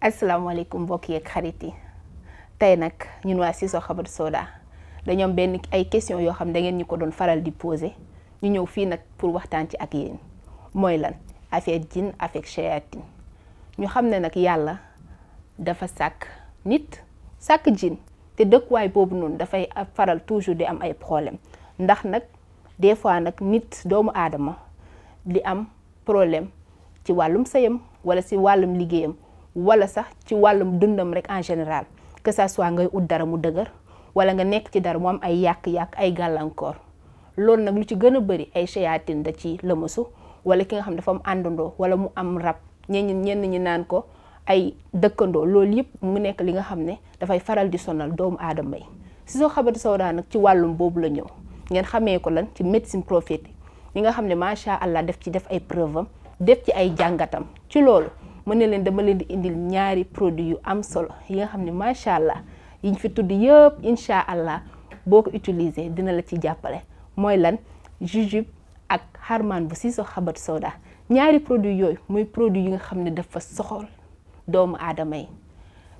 asalaamaaleykum mbokk yeeg xarit yi tey nag ñun waa Sisso Habbatu Sauda dañoo am benn ay question yoo xam da ngeen ñu ko doon faral di poser ñu ñëw fii nag pour waxtaan ci ak yéen mooy lan affaire jin affaire shayatin ñu xam ne nag yàlla dafa sàkk nit sàkk jin te dëkkuwaay boobu noonu dafay faral toujours di am ay problème ndax nag des fois nag nit doomu aadama di am problème ci wàllum sëyam wala si wàllum liggéeyam wala sax ci wàllum dundam rek en général que ça soit ngay ut dara mu dëgër wala nga nekk ci dara moom ay yàq-yàq ay gàllankoor loolu nag lu ci gën a bëri ay shayatin da ci lëmasu wala ki nga xam dafa am àndandoo wala mu am rab ñenn ñenn ñi naan ko ay dëkkandoo loolu yëpp mu nekk li nga xam ne dafay faral di sonal doomu aadama yi Sissoko Habbatu Sauda nag ci wàllum boobu la ñëw ngeen xamee ko lan ci médecine prophétique yi nga xam ne macha allah def ci def ay preuve am def ci ay jàngatam ci loolu. ma ne leen dama leen di indil ñaari produit yu am solo yi nga xam ne macha allah yi yiñ fi tudd yëpp incha allah boo ko utiliser dina la ci jàppale mooy lan jujube ak harman bu siiso xabat soda ñaari produit yooyu muy produit yi nga xam ne dafa soxol doomu aadama yi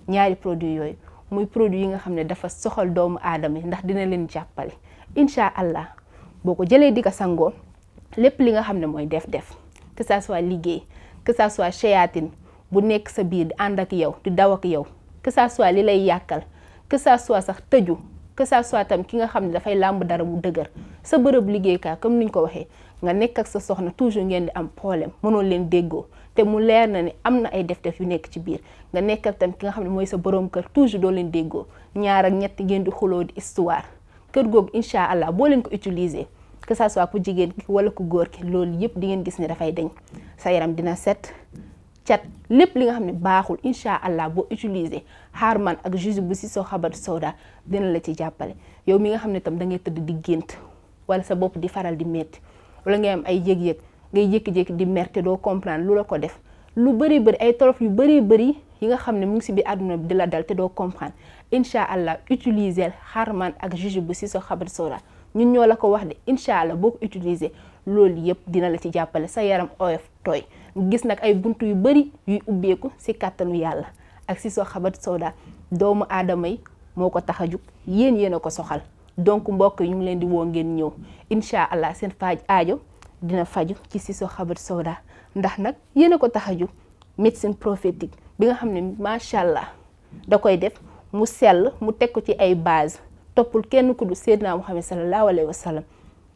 ñaari produit yooyu muy produit yi nga xam ne dafa soxal doomu aadama yi ndax dina leen jàppale incha allah boo ko jëlee di ko sangoo lépp li nga xam ne mooy def-def que ça soit liggéey que ça soit shayatin bu nekk sa biir di ànd ak yow di daw ak yow que ça soit li lay yàkkal que ça sax tëju que ça soit tam ki nga xam ne dafay làmb dara bu dëgër sa bërëb liggéey kaa comme niñ ko waxee nga nekk ak sa soxna toujours ngeen di am problème mënoo leen déggoo te mu leer na ni am na ay def-def yu nekk ci biir nga nekk ak tam ki nga xam ne mooy sa borom kër toujours doo leen déggoo ñaar ak ñett ngeen di xuloo di histoire kër googu incha allah boo leen ko utiliser que ça soit jigéen ki wala ku góor ki loolu yëpp di ngeen gis ne dafay deñ sa yaram dina set cat lépp li nga xam ne baaxul incha allah boo utiliser Harman ak jus bu si soo xabar soda dina la ci jàppale yow mi nga xam ne tam da ngay tëdd di gént wala sa bopp di faral di metti wala ngay am ay yëg-yëg ngay jékki di merte doo comprendre lu la ko def lu bëri bëri ay tolof yu bëri bëri yi nga xam ne mu ngi si biir àdduna bi di la dal doo comprendre incha allah utiliser Harman ak jus bu si soo xabar soda ñun ñoo la ko wax de incha allah boo ko utiliser loolu yëpp dina la ci jàppale sa yaram oyof tooy gis nag ay bunt yu bari yuy ubbeeku si kàttanu yàlla ak si soo xabat sooda doomu aadama yi moo ko tax a jug yéen yéen a ko soxal donc mbokk yi ñu ngi leen di woo ngeen ñëw incha allah seen faaj aajo dina faju ci si soo xabat sooda ndax nag yéen a ko tax a jug médecine prophétique bi nga xam ne macha allah da koy def mu sell mu teg ko ci ay base toppul kenn ku du Seydina Muhammad sallallahu alayhi wa sallam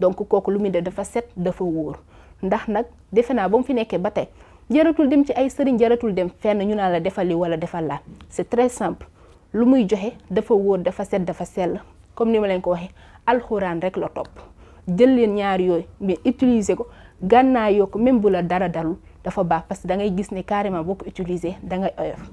donc kooku lu muy def dafa set dafa wóor ndax nag defe naa ba mu fi nekkee ba tey jaratul dem ci ay sëriñ jaratul dem fenn ñu naa la defal li wala defal la c'est très simple lu muy joxe dafa wóor dafa set dafa sell comme ni ma leen ko waxee alxuraan rek la topp jël leen ñaar yooyu mais utiliser ko gànnaa yoo ko même bu la dara dalul dafa baax parce que da ngay gis ne carrément boo ko utiliser da ngay oyof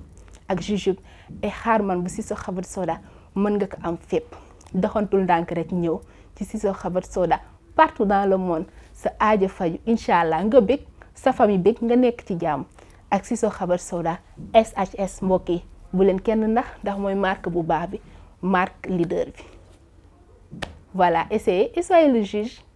ak jujube ay xaar man bu Cissokho xabat soda mën nga ko am fépp doxantul ndànk rek ñëw ci Cissokho Habbatu Sauda partout dans le monde sa aajo faju incha allah nga bég sa famille bég nga nekk ci jàmm ak si soo xabar sawda SHS mbokk yi bu leen kenn ndax ndax mooy marque bu baax bi marque leader bi voilà essayez et juge